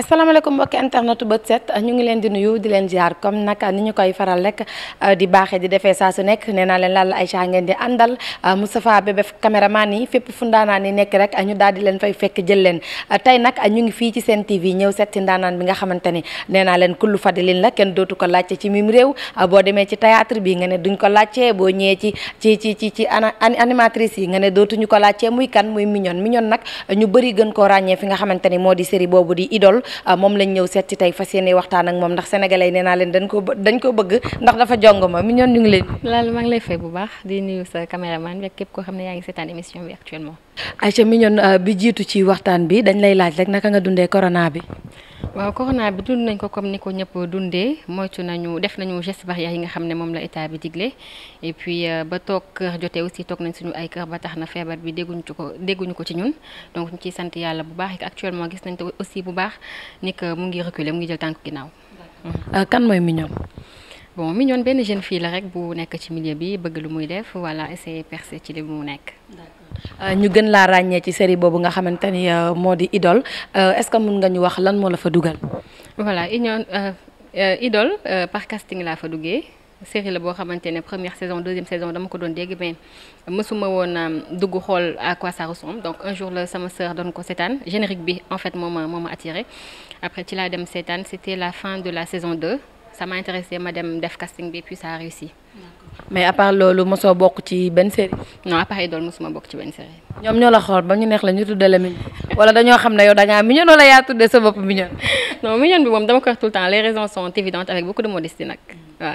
asalaamaaleykum mbokki internet bët set ñu ngi leen di nuyu di leen ziar comme nag ni ñu koy faral rek euh, di baaxee di defee saa su nekk nee naa leen Lalla Aïcha ngeen di àndal euh, Moustapha bébé caméraman yi fépp fu ndaanaan yi nekk rek ñu daal di fay fekk jël leen euh, tey nag ñu ngi fii ci seen TV ñëw seet ndaanaan bi nga xamante ni nee naa leen kullu fadilin la kenn dootu ko laajte ci miim réew boo demee ci théâtre bi nga ne duñ ko laajte boo ñëwee ci ci ci ci ci animatrice yi nga ne dootuñu ko laajte muy kan muy mi mignon nag ñu bëri gën koo ràññee fi nga xamante ni moo di boobu di idole Ah, moom lañ ñëw seet tey fas yéene waxtaan ak moom ndax sénégalais nee naa leen dañ ko dañ ko bëgg ndax dafa jong ma mi ñu ngi leen laal maa ngi lay fay bu baax di nuyu sa caméraman ak képp koo xam ne yaa ngi seetaan émission bi actuellement Aïcha mi ñoon ah, bi jiitu ci waxtaan bi dañ lay laaj rek naka nga dundee corona bi waaw corona bi dund nañ ko comme ni ko ñëpp dundee moytu nañu def nañu geste barrière yi nga xam ne moom la état bi digle et puis euh, ba toog kër jotee aussi toog nañ suñu ay kër ba tax na feebar bi dégguñu ko dégguñu ko ci ñun donc ñu ciy sant yàlla bu baax actuellement gis nañ te aussi bu baax ni mu ngi reculer mu ngi jël tànk ginnaaw. Euh, kan mooy Mignon. bon Mignone benn jeune fille la rek bu nekk ci milieu bi bëgg lu muy def wala essayer percer ci li mu nekk. Euh, ñu gën laa ràññee ci série boobu nga xamante ni euh, moo di idol euh, est-ce que mun nga ñu wax lan moo la fa dugal. voilà Mignone Idole par casting laa fa duggee. série la boo xamante ne première saison deuxième saison dama ko doon dégg mais mësuma woon dugg xool à quoi ça ressemble donc un jour la sama sœur doon ko seetaan générique bi en fait moo ma moo ma attiré après ci la la saison 2 ça m'a intéressé ma dem def casting bi puis ça a réussi. mais à loolu mosoo bokk ci benn série. non à part Idoles mosuma bokk ci benn série. ñoom ñoo la xool ba ñu neex la ñu tuddee la mignonne wala dañoo xam ne yow da ngaa mignonne wala yaa tuddee sa bopp mignonne. non bi moom dama ko wax temps les raisons sont évidentes avec beaucoup de modestie nag waaw.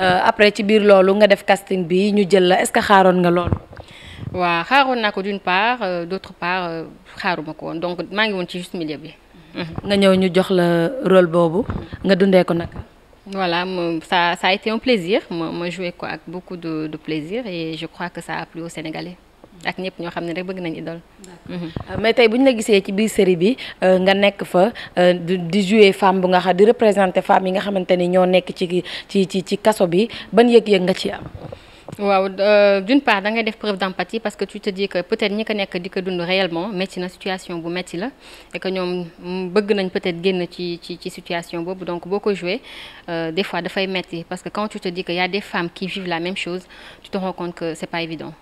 Euh, après ci biir loolu nga def casting bi ñu jël la est-ce que xaaroon nga loolu. waa xaaroon naa ko d part euh, d'autre part euh, xaaruma ko woon donc maa ngi woon ci juste milieu bi. nga ñëw ñu jox la rôle boobu nga dundee ko nag. voilà ça ça saa été un plaisir ma ma joué ko ak beaucoup de de plaisir et je crois que ça a plu aux ak ñëpp ñoo xam ne rek bëgg nañ idole. Euh, mais tey bu ñu la gisee ci biir série bi euh, nga nekk fa euh, di jouer femme bu nga xam di représenter femme yi nga xamante ni ñoo nekk ci ci ci ci kaso bi ban yëg-yëg nga ci am. waaw euh, d'une part da def preuve d'empathie parce que tu te dis que peut-être ñi ko nekk di ko dund réellement métti na situation bu métti la et que ñoom bëgg nañ peut-être génn ci ci ci situation boobu donc boo ko joué euh, des fois dafay metti parce que quand tu te dis que y a des qui vivent la même chose tu te rends que c'est pas évident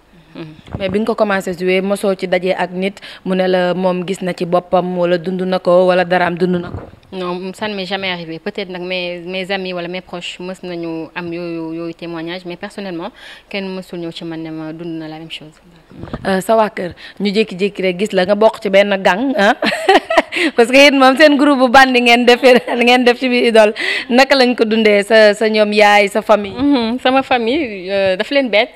mais bi nga ko commencé jouer mosoo ci dajee ak nit mu ne la moom gis na ci boppam wala dund na ko wala daraam dund na ko. non ça ne m'est jamais arrivé peut-être nag mes mes amis wala mes proches mës nañu am yooyu yooyu témoignage mais personnellement kenn mësul ñëw ci man ne ma dund na la même chose. Euh, sa wax kër ñu jékki-jékki rek gis la nga bokk ci benn gang ah parce que yéen moom seen group bu bandi ngeen def ngeen def ci biir Idoles naka lañ ko dundee sa sa ñoom yaay sa famille. Mhm, sama famille euh, daf leen bett.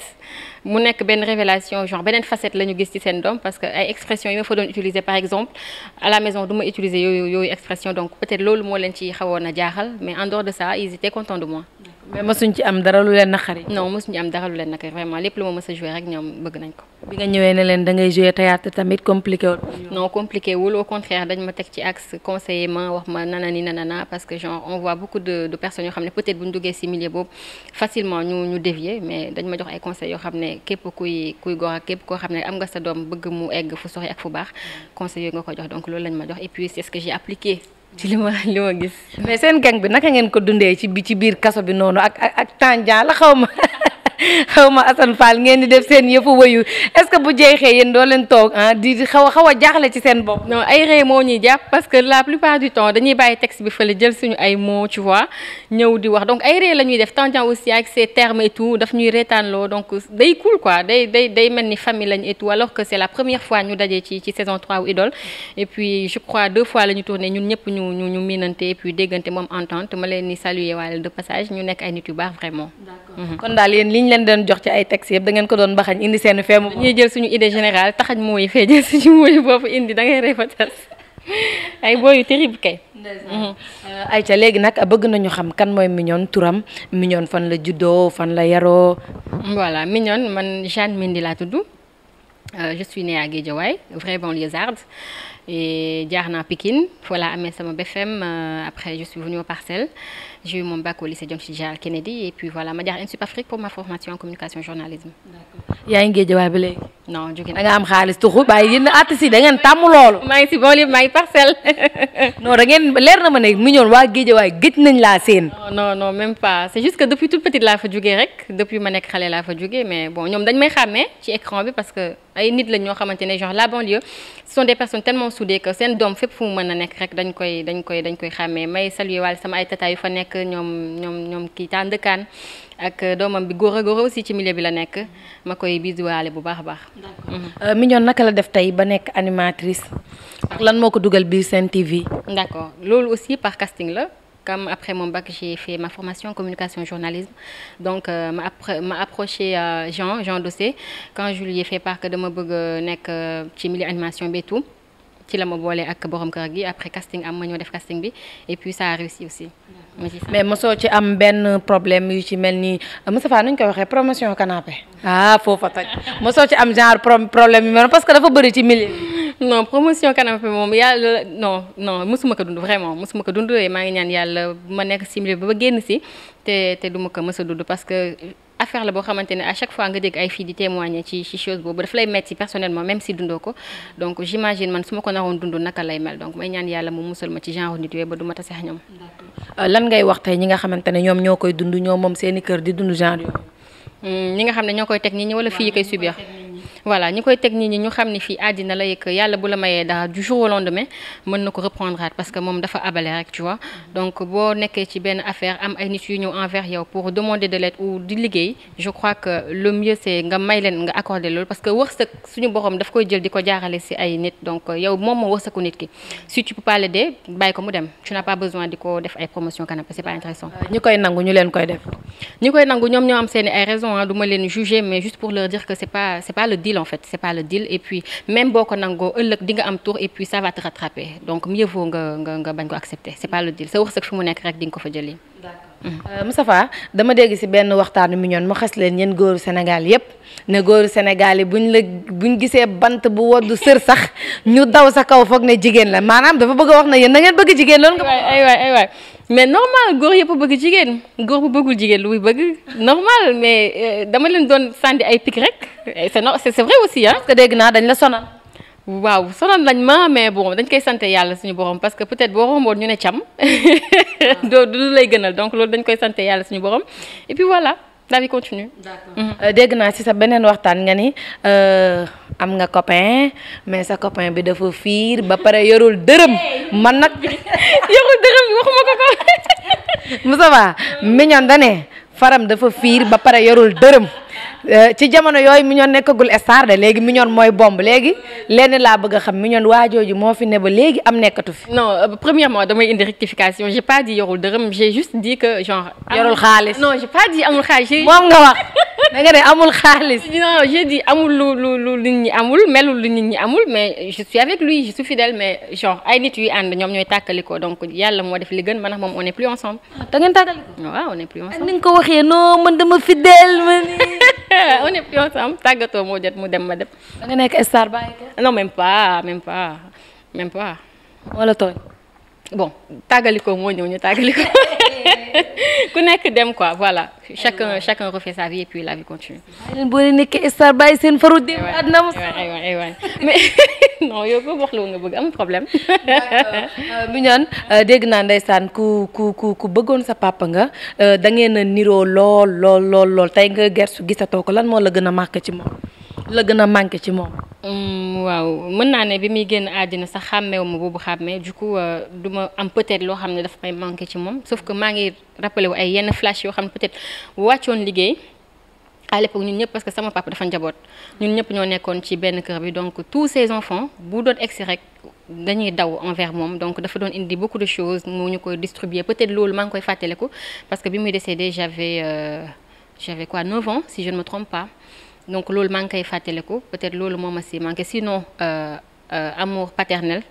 mu nekk benn révélation genre beneen facette la ñu gis ci seen doom parce que ay expression yi ma fa doon utiliser par exemple à la maison du utiliser yooyu yooyu expression donc peut loolu moo leen ci xawoon a jaaxal mais en dehors de ça ils étaient contents de moi mais mosuñ ci am dara lu leen naqari. non mosuñ ci am dara lu leen naqari vraiment lépp lu ma mës a rek ñoom bëgg nañ ko. bi nga ñëwee ne leen da ngay joué théâtre tamit compliqué wul. non compliqué wul au contraire dañ ma teg ci axe conseiller ma wax ma nanani nanana parce que genre on voit beaucoup de de personnes yoo xam ne peut-être bu ñu duggee ci boobu facilement ñu dévier mais dañ ma jox ay conseils yoo xam ne képp kuy kuy góor ak képp koo xam ne am nga sa doom bëgg mu egg fu sori ak fu baax conseil ko jox donc loolu lañ ma jox et puis ci li ma li ma gis mais seen gang bi naka ngeen ko dundee ci bi ci biir kaso bi noonu ak ak tànjaa la xaw ma xaw ma Assane ngeen di def seen yëfu wëyu est-ce que bu jeexee yéen doo leen toog ah di xaw a xaw a jaaxle ci seen bopp. ay ree moo ñuy jàpp parce que la plupart du temps dañuy bàyyi texte bi fële jël suñu ay mots tu vois di wax donc ay ree la ñuy def temps aussi ak ces termes et tout daf ñuy reetaanloo donc day cool quoi day day day mel ni famille lañ et tout alors que c'est la première fois ñu daje ci ci saison 3 wu Idole et puis je crois deux fois la ñu ñun ñëpp ñu ñu ñu miinante et puis déggante moom entente ma leen ni saluer waale de ñu nekk ay nit yu baax vraiment. leen doon jox ci ay textes yëpp da ngeen ko doon baxañ indi seen feem ñuy jël suñu idée générale taxañ moo yi fee jël suñu mooyu boobu indi da ngay refatas ay booyu terrible kay ayca mhm. euh, léegi nag bëgg nañu xam kan mooy Mignone turam Mignone fan la juddoo fan la yaroo voilà Mignone man Jeanne Mendy laa tudd euh, je suis née à Guédiawaye vraie banlieusarde et jaar naa Pikine voilà amee sama BFM euh, après je suis venue aux J'ai eu et puis voilà ma jaar INSUP Afrique pour ma formation en communication journalisme. yaa ngi géej waay ba non jóge na am xaalis tuxu bàyyi yéen artistes yi da tàmm loolu. maa ngi si bool maa ngi parcelle. non da leer na ma ne mu ñëwoon waa géej waay gëj nañ laa seen. non non non pas c'est juste que depuis toute petite laa fa jugee rek depuis ma nekk xale laa fa jugee mais bon ñoom dañ may xàmmee ci écran bi parce que ay la banlieue ce sont des personnes tellement soudées que seen doom fépp nekk rek dañ nekk nekk ñoom ñoom ñoom kii tàndkaan ak doomam bi góor a aussi ci milieu bi la nekk ma koy bisuwaale bu baax a baax. d'accord mhm. euh, naka la def tey ba nekk animatrice. ak lan moo ko dugal biir Sen TV. d'accord loolu aussi par casting la. comme après moom bac, j'ai fait ma formation communication et journalisme. Donc, euh, m'a appro approché euh, Jean, Jean Dossé, quand je lui ai fait part que de mon bug, euh, nek, euh, animation et tout. ci la ma boolee ak borom kër gi après casting am ma ñoo def casting bi et puis ça a réussi aussi. mais mosoo ci am benn problème yu ci mel ni Moustapha nuñ koy waxee promotion canapé. ah foofa toj mosoo ci am genre problème yu mel parce que dafa bëri ci milieu. non promotion canapé moom yàlla non non mosuma ko dund vraiment mosuma ko dund maa ngi ñaan yàlla ma nekk ci milieu ba ba génn ci te te du ko mës a dund parce que. affaire la boo xamante ne à chaque fois nga dégg ay fii di témoigner ci chose boobu daf lay metti personnellement même si dundoo ko donc j'imagine man su ma ko naroon dund naka lay mel donc may ñaan yàlla mu musal ma ci genre nit yooyu ba du ma taseex euh, lan ngay wax tey ñi nga xamante ne ñoom ñoo koy dund ñoom moom seen i kër di dund genre yooyu. Hmm, ñi nga xam ne ñoo koy teg nit ñi wala fii yi koy subir. voilà ñi koy teg ñi ñu xam ne fii àddina la yëg yàlla bu la mayee dara du jour au lendemain mën na ko reprendre parce que moom dafa abale rek tu vois demander de l'aide ou di liggéey je crois que le mieux c'est nga may leen nga accorder loolu parce que wërsëg suñu borom daf koy jël di ko jaarale si ay nit donc yow moom moo wërsëgu nit ki si tu peux pas bàyyi ko mu dem tu n'as pas besoin di ko def ay promotion canapé c'est euh, que c'est pas c'est deal en fait c'est pas le deal et puis même boo ko nangoo ëllëg di nga am tour et puis ça va donc mieux vaut nga nga nga bañ ko accepter c'est pas le deal sa wërsëg fi mu nekk rek di nga ko fa jëli Euh, Moustapha dama dégg si benn waxtaanu ñoon mu xas leen yéen góoru Sénégal yépp ne góoru Sénégal bu ñu la buñ gisee bant bu woddu sër sax ñu daw sa kaw foog ne jigéen la maanaam dafa bëgg a wax na yéen da ngeen bëgg jigéen loolu nga. ay waay ay waay mais normal góor yëpp bëgg jigéen góor bu bëggul jigéen lu muy bëgg normal mais euh, dama leen doon sànni ay picc rek c'est c'est vrai aussi ah. parce que dégg naa dañ la sonal. waaw sonal nañ ma mais bon dañ koy sante yàlla suñu borom parce que peut-être boo romboon ñu ne cam doo du lay gënal donc loolu dañ koy sante yàlla suñu borom et puis voilà daal di continue. d'accord mm-hmm. euh, dégg naa ci sa beneen waxtaan nga ni euh, am nga copain mais sa copain bi dafa fiir ba pare yorul dërëm man nag yorul dërëm bi waxuma ko ko. Moussa Ba miñoon da ne faram dafa fiir ba pare yorul dërëm. Eh, ci jamono yooyu mu Mignone nekkagul star de léegi Mignone mooy bomb léegi lenn laa bëgg a xam Mignone waajooju moo fi ne ba léegi am nekkatu fi. non euh, premièrement damay indi rectification j'ai pas dit yorul dërëm j'ai juste dit que genre. yorul ah, xaalis non j'ai pas dit amul xaalis. moom nga wax. da nga ne amul xaalis. non amul lu lu lu nit ñi amul melul lu nit ñi amul mais je suis avec lui je fidèle mais genre ay nit yuy ànd ñoom ñooy tàkkalikoo donc yàlla moo def li gën man ak moom on est plus ensemble. Ah, da ngeen tàkkalikoo. waaw on est plus ah, ensemble. ni ko waxee non man dama fidèle man. on est plus tàggatoo moo jot mu dem ma dem. da nga nekk star bàyyi ko. non même pas même pas même pas. wala tooñ. bon tàggalikoo moo ñëw ñu tàggalikoo. ku nekk dem ko voilà chacun chacun refait sa vie et puis la vie continue. leen boo leen nekkee star bàyyi seen faru dem àddina mu mais non yow ko wax loolu nga bëgg am problème. bu ñaan euh, euh, dégg naa ndeysaan ku ku ku ku bëggoon sa papa nga euh, da ngeen a niroo lool lool lool lool tey nga gersu gisatoo ko lan moo la gën a màkk ci moom. la gën a manqué ci moom. waaw mën naa ne bi muy génn àddina sax xàmmeewu ma boobu xàmmee du coup euh, du ma am peut-être loo xam ne dafa may manqué ci moom sauf que maa ngi rappelé wu ay yenn flash yoo xam ne peut-être wàccoon liggéey. à l'époque ñun ñëpp parce sama papa dafa njaboot ñun ñëpp ñoo nekkoon ci benn kër bi donc tous ces enfants bu doon egsi rek dañuy daw envers moom donc dafa doon indi beaucoup de choses moo ñu koy distribuer peut-être loolu maa ngi koy fàttaliku parce que bi muy décédé j'avais euh, quoi 9 ans si donc loolu maa ngi koy fàttaliku peut-être loolu moo ma si manqué sinon euh, euh, amour paternel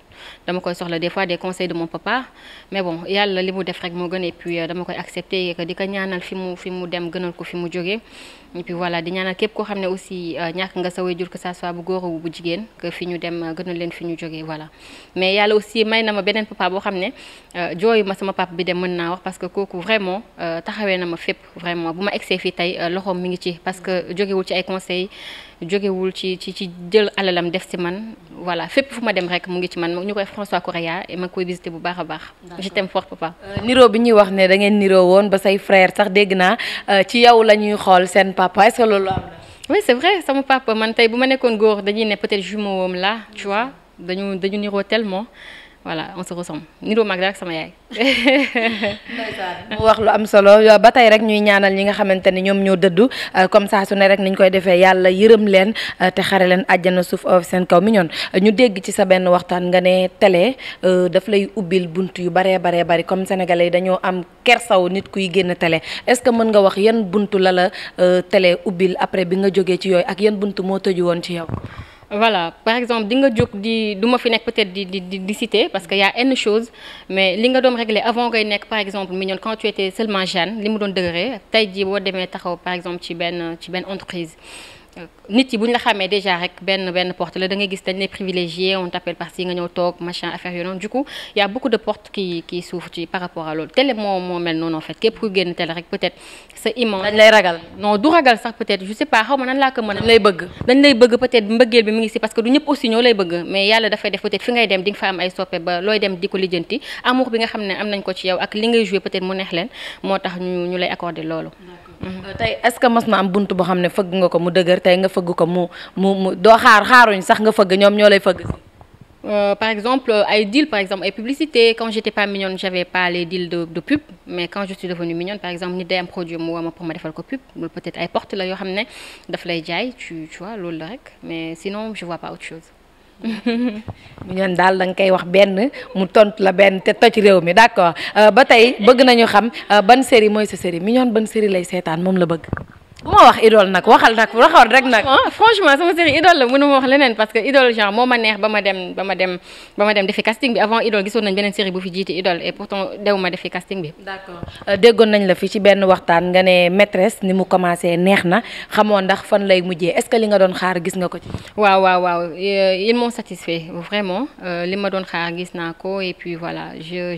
dama koy soxla des fois des conseils de mon papa mais bon yàlla li mu def rek moo gën et puis euh, dama koy accepter que di ko ñaanal fi mu fi mu dem gënal ko fi mu jógee et puis voilà di ñaanal képp koo xam ne aussi euh, ñàkk nga sa waajur que ça soit bu góor ou bu jigéen fi ñu dem euh, gënal leen fi ñu jógee voilà mais yàlla aussi may na ma beneen papa boo xam ne jooyu ma sama papa bi dem mën naa wax parce que kooku vraiment taxawee na ma fépp vraiment bu ma egsee fii tey loxoom mi ngi ci parce que jógewul ci ay conseils jógewul ci ci ci jël alalam def si man voilà fépp fu dem rek mu ngi ci man ñu koy François Correa et ma koy visité bu baax a baax. je t'aime euh, bi ñuy wax ne da ngeen niroo woon ba say frère sax dégg naa euh, ci yow la ñuy xool seen papa est-ce que loolu am na. oui c'est vrai sama papa man tey bu ma nekkoon góor dañuy ne peut-être jumeau woom la tu vois dañu dañu niroo tellement. voilà on som ressemble niroo mag rek sama yaay. mu wax lu am solo ba tey rek ñuy ñaanal ñi nga xamante ne ñoom ñoo dëddu euh, comme saa su ne rek niñ koy defee yàlla yërëm leen euh, te xare leen àjjana suuf seen kaw mi ñoon ñu dégg ci sa benn waxtaan nga ne tele euh, dafa lay ubbil bunt yu baree baree bari comme sénégalais yi dañoo am kersaw nit kuy génn télé est-ce que mën nga wax yan buntu la la télé ubbil après bi nga jógee ci yooyu ak yan buntu moo tëju woon ci yow. voilà par exemple di nga jóg di du ma fi nekk peut-être di di di citer parce que y a une chose mais li nga doon régler avant ngay nekk par exemple mignonne quand tu étais seulement jeune li mu doon dëgëree tey jii boo demee taxaw par exemple ci benn ci benn entreprise nit yi bu ñu la xamee déjà rek benn benn porte la da gis dañ lay privilégié on t'appelle parce que nga ñëw toog machin affaire yu noonu du coup y a beaucoup de ci par rapport à loolu télé moo moo mel noonu en képp ku génn télé rek peut sa image dañ lay ragal non du ragal sax peut-être je xaw ma nan laa ko mën dañ lay bëgg dañ lay bëgg peut mbëggeel bi mi ngi si parce que du ñëpp aussi ñoo lay bëgg mais yàlla dafay def Euh, tey est-ce que mos na am bunt boo xam ne fëgg nga ko mu dëgër tey nga fëgg ko mu mu mu doo xaar xaaruñ sax nga fëgg ñoom ñoo lay fëgg si euh, par exemple, ay deal, par exemple, et publicité. Quand j'étais pas mignonne, j'avais pas les deals de, de, pub. Mais quand je suis devenue mignonne, par exemple, ni un produit moi pour me faire pub, peut-être à porte là, yo ramener, tu, tu vois, l'ol Mais sinon, je vois pas autre chose. mu ñoon daal da nga koy wax benn mu tontu la benn te toj réew mi d'accord euh, ba tey bëgg nañu xam euh, ban série mooy sa série mi ñoon ban série lay seetaan moom la bëgg bu ma wax idole nag waxal nag waxal rek nag. Ah, franchement sama série idole la mënu ma wax leneen parce que idole genre moo ma neex ba ma dem ba ma dem ba ma dem defi casting bi avant idole gisoon nañ beneen série bu fi jiite idole et pourtant dew ma defi casting bi. Euh, déggoon nañ la fi ci benn waxtaan nga ne maîtresse ni mu commencé neex na xamoo ndax fan lay mujjee est-ce que li nga doon xaar gis nga ko ci. waaw waaw waaw euh, ils m'ont satisfait vraiment euh, li ma doon xaar gis naa ko et puis voilà jeu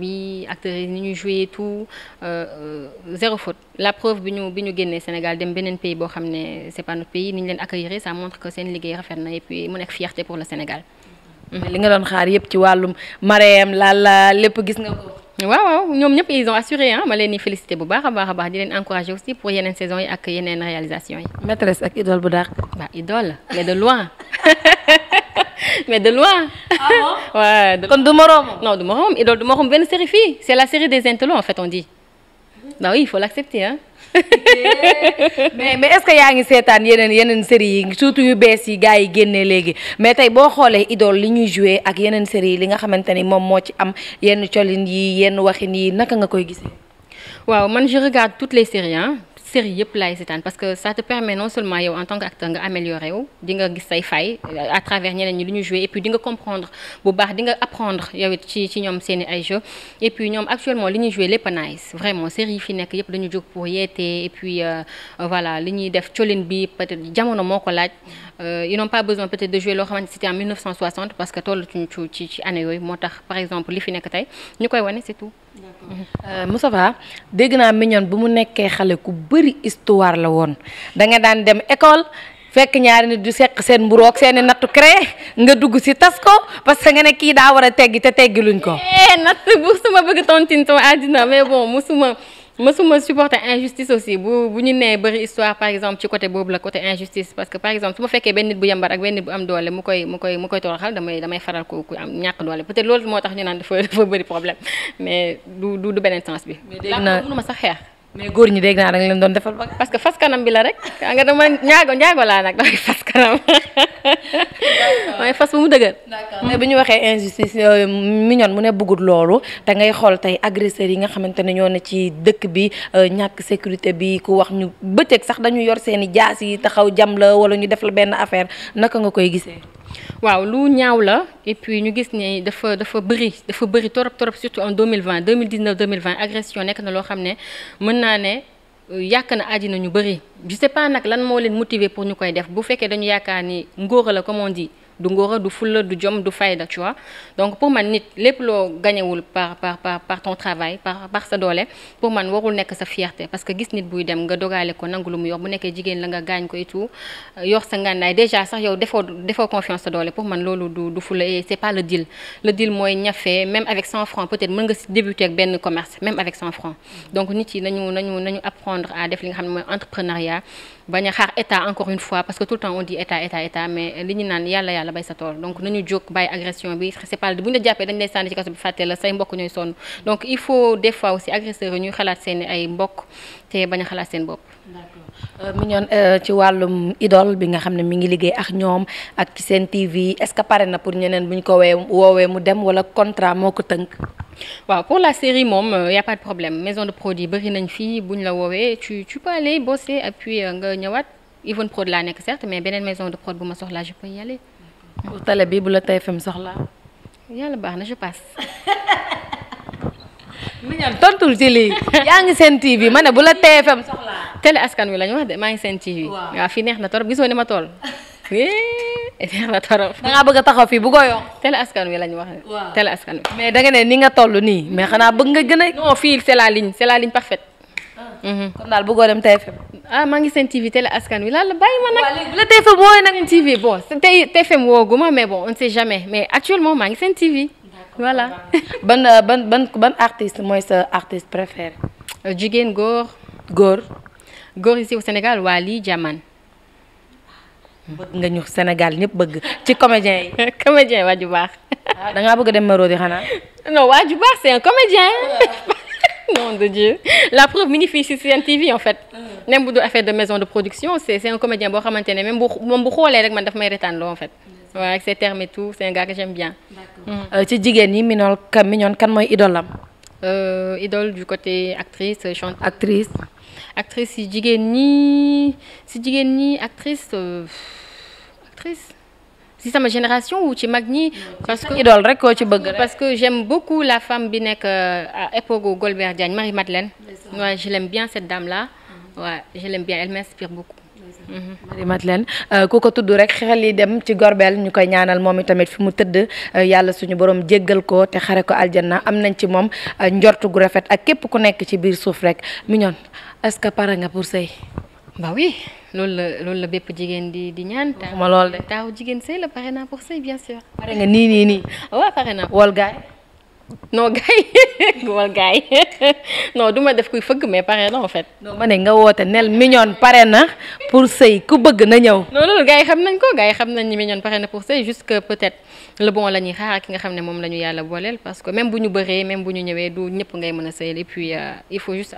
bi acteurs ni ñu joué tout zéro faute bi ñu bi ñu génnee Sénégal Sénégal dem beneen pays boo xam ne c'est pas notre pays ni ñu leen accueillir ça montre que seen liggéey rafet na et puis mu nekk fierté pour le Sénégal. li nga doon xaar yëpp ci wàllum Marème Lalla lépp gis nga ko. waaw waaw ñoom ils ont assuré ah ma leen di félicité bu baax a baax a baax aussi pour yeneen saison yi ak yeneen réalisation yi. maîtresse ak idole bu dàq. waaw idole de loin mais de loin. ah bon waaw non du moroom idole du moroom benn série fii c'est la non oui il faut l'accepter hein. mais mais est que yaa ngi seetaan yeneen yeneen série yi surtout yu bees yi gars yi génnee léegi mais tey boo xoolee idole li ñuy joué ak yeneen série yi li nga xamante ni moom moo ci am yenn colin yi yenn waxin yi naka nga koy gisee. waaw man je regarde toutes les séries hein. série yëpp laay seetaan parce que ça te permet non seulement yow en tant que acteur nga améliorer wu gis say fay euh, à travers ñeneen ñi lu ñu joué et puis di comprendre bu baax di apprendre yow ci ñoom seen ay jeux et puis ñoom actuellement li ñuy joué lépp vraiment série fi nekk yëpp dañu jóg pour yeete et puis euh, euh, voilà li ñuy def colin bi peut-être jamono moo ko laaj ils n'ont pas besoin peut de jouer loo xamante c'était en parce que tollatuñu ci ci année yooyu moo tax par Euh, Moustapha dégg naa miñoon bu mu nekkee xale ku bëri histoire la woon da nga daan dem école fekk ñaari nit du seq seen mburoog seen nattu crée nga dugg si tas ko parce que nga ne kii daa war a teggi te teggi luñ ko. Eh, natt bu suma bëgg tontintoo àddina mais bon musuma. mësuma supporter injustice aussi bu bu ñu nee bëri histoire par exemple ci côté boobu la côté injustice parce que par exemple su ma fekkee benn nit bu yambar ak benn nit bu am doole mu koy mu koy mu koy toroxal damay damay faral ku ku am ñàkk doole peut-être loolu moo tax ñu naan dafa dafa bëri problème mais du du beneen sens bi. mais dégg naa mënuma sax xeex. mais góor ñi dégg naa da leen doon defal ba parce que fas kanam bi la rek nga dama ñaago ñaago laa nag damay fas kanam mooy fas bu mu dëgër. mais bu ñu waxee injustice euh, mignonne mu ne bëggut loolu da ngay xool tey agresseurs yi nga xamante ne ñoo ne ci dëkk bi euh, ñàkk sécurité bi ku wax ñu bëccëg sax dañu yor seen i jaas yi taxaw jam la wala ñu def la benn affaire naka nga koy gisee. waaw lu ñaaw la et puis ñu gis ne dafa dafa bëri dafa bëri torop torop surtout en 2020 2019 2020 agression nekk na loo xam ne mën naa ne euh, yàkk na àddina ñu bëri je sais pas nag lan moo leen motiver pour ñu koy def bu fekkee dañu yaakaar ni ngóora la comme on du ngóora du fulla du jom du fayda tu donc pour man nit lépp loo gañewul par par par par ton travail par par sa doole pour man warul nekk sa fierté parce que gis nit buy dem nga dogaale ko nangu lu mu yor bu nekkee jigéen la nga gaañ ko et yor sa ngànnaay déjà sax yow defoo defoo confiance sa doole pour man loolu du fulla et c'est pas le deal le deal mooy ñafee même avec 100 francs peut-être mën nga si ak benn commerce même avec 100 a xaar bay sa tool donc nañu jóg bàyyi agression bi c'est pas bu ñu la jàppee dañ lay sànni ci kaso bi fàtte la say mbokk ñooy sonn donc il faut des fois aussi ñuy xalaat seen ay mbokk te bañ a xalaat seen bopp. d'accord euh, Mignone euh, ci wàllum idole bi nga xam ne mi ngi liggéey ak ñoom ak seen TV est-ce que pare na pour ñeneen bu ñu ko wee woowee mu dem wala contrat moo ko tënk. waaw pour la série moom euh, y a pas de problème maison de produit bëri nañ fii bu ñu la woowee tu tu peux aller bosser et puis nga ñëwaat ma soxlaa je bu tale bi bu la TFM soxlaa yàlla baax na je passe. mi ñaan tontul ci lii yaa ngi seen TV ne bu la TFM soxlaa. télé askan wi la ñu wax de maa ngi seen TV. waaw fii neex na torop gisoo ni ma tool neex na torop. da ngaa a taxaw fii bu ko yokk. télé askan wi la ñu wax de. waaw télé askan wi. mais da nga ne ni nga toll nii mais xanaa bëgg nga gën a. non fii c'est la ligne c'est Mm-hmm. kon daal bëggoo dem TFM. ah maa ngi seen TV télé askan wi lan la bàyyi ma nag. waaw la TFM wooyee nag seen TV bon tey TFM wooguma mais bon on sait jamais mais actuellement maa ngi seen TV. voilà. ban euh, ban ban ban artiste mooy sa artiste préféré. Euh, jigéen góor. góor. góor ici au Sénégal Wally Diamane. Ah, bëgg nga ñu Sénégal ñëpp bëgg ci comédien yi. comédien waa ju baax. Ah, da ngaa bëgg dem Marodi xanaa. non waa ju baax c'est nom de Dieu la preuve mi ngi fii ci Sen TV en fait. même bu du affaire de maison de production c' est c' est un comédien boo xamante ne même bu moom bu xoolee rek man daf may retaan loo en fait. waaw ak ses termes et tout c' est un gars que j'aime bien. Mm. Euh, ci jigéen ñi Mignone kan Mignone kan mooy idole am. Euh, idole du côté actrice chanteuse. actrice actrice si jigéen ñi si jigéen ñi actrice euh, actrice. si sama génération wu ci mag ñi. parce que idole rek koo ci bëgg. parce que j'aime beaucoup la femme bi nekk euh, à époque Golbert Diagne Marie Madeleine. waaw je l'aime bien cette dame là. waaw mm-hmm. je l'aime bien elle m'inspire beaucoup. Mm-hmm. Marie Madeleine euh, ku ko tudd rek xel yi dem ci gorbel ñu koy ñaanal moom itamit fi mu tëdd euh, yàlla suñu borom jéggal ko te xare ko aljanna am nañ ci moom njort gu rafet ak képp ku nekk ci biir suuf rek mignonne est-ce que pare nga pour sëy bah oui loolu la loolu la bépp jigéen di di ñaan. waxuma lool de taaw jigéen sëy la pare naa pour sëy bien sûr. pare nga nii nii nii. waaw pare naa wol gaay non gaay wol gaay non du ma def kuy fëgg mais pare na en fait. non ma nga woote nel mignonne pare na pour sëy ku bëgg na ñëw. non loolu gaay xam nañ ko gaay xam nañ ni pare na pour sëy juste que peut-être le bon la ñuy ki nga xam ne moom la ñu yàlla booleel parce que même bu ñu bëree même bu ñu ñëwee du ñëpp ngay mën a sëy et puis euh, il faut juste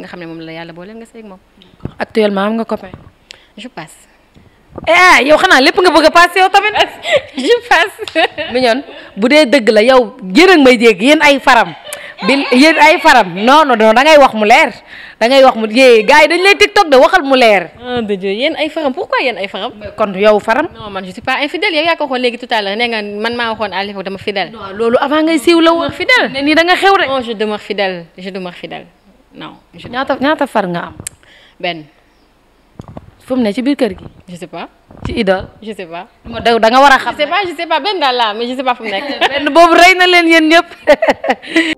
nga xam ne moom la yàlla booleel nga sëy ak moom. actuellement am nga copain. je passe. eh ah, yow xanaa lépp nga bëgg a passe yow tamit je passe. mignonne bu dee dëgg la yow jërëg may dégg yéen ay faram. bi yéen ay faram non non non da ngay wax mu leer da ngay wax mu yee gars yi dañu lay tiktok de waxal mu leer. ah ay faram pourquoi yéen ay faram. kon yow faram. man je suis yow yaa ko waxoon léegi tout à nee nga man maa waxoon à l'époque dama fidèle. loolu avant ngay non ñaata ñaata far nga am. benn. fu ne ci biir kër gi. je sais pas. ci idole. je sais pas. da nga war a xam. je sais pas je sais pas benn daal laa mais boobu rey na leen yéen ñëpp.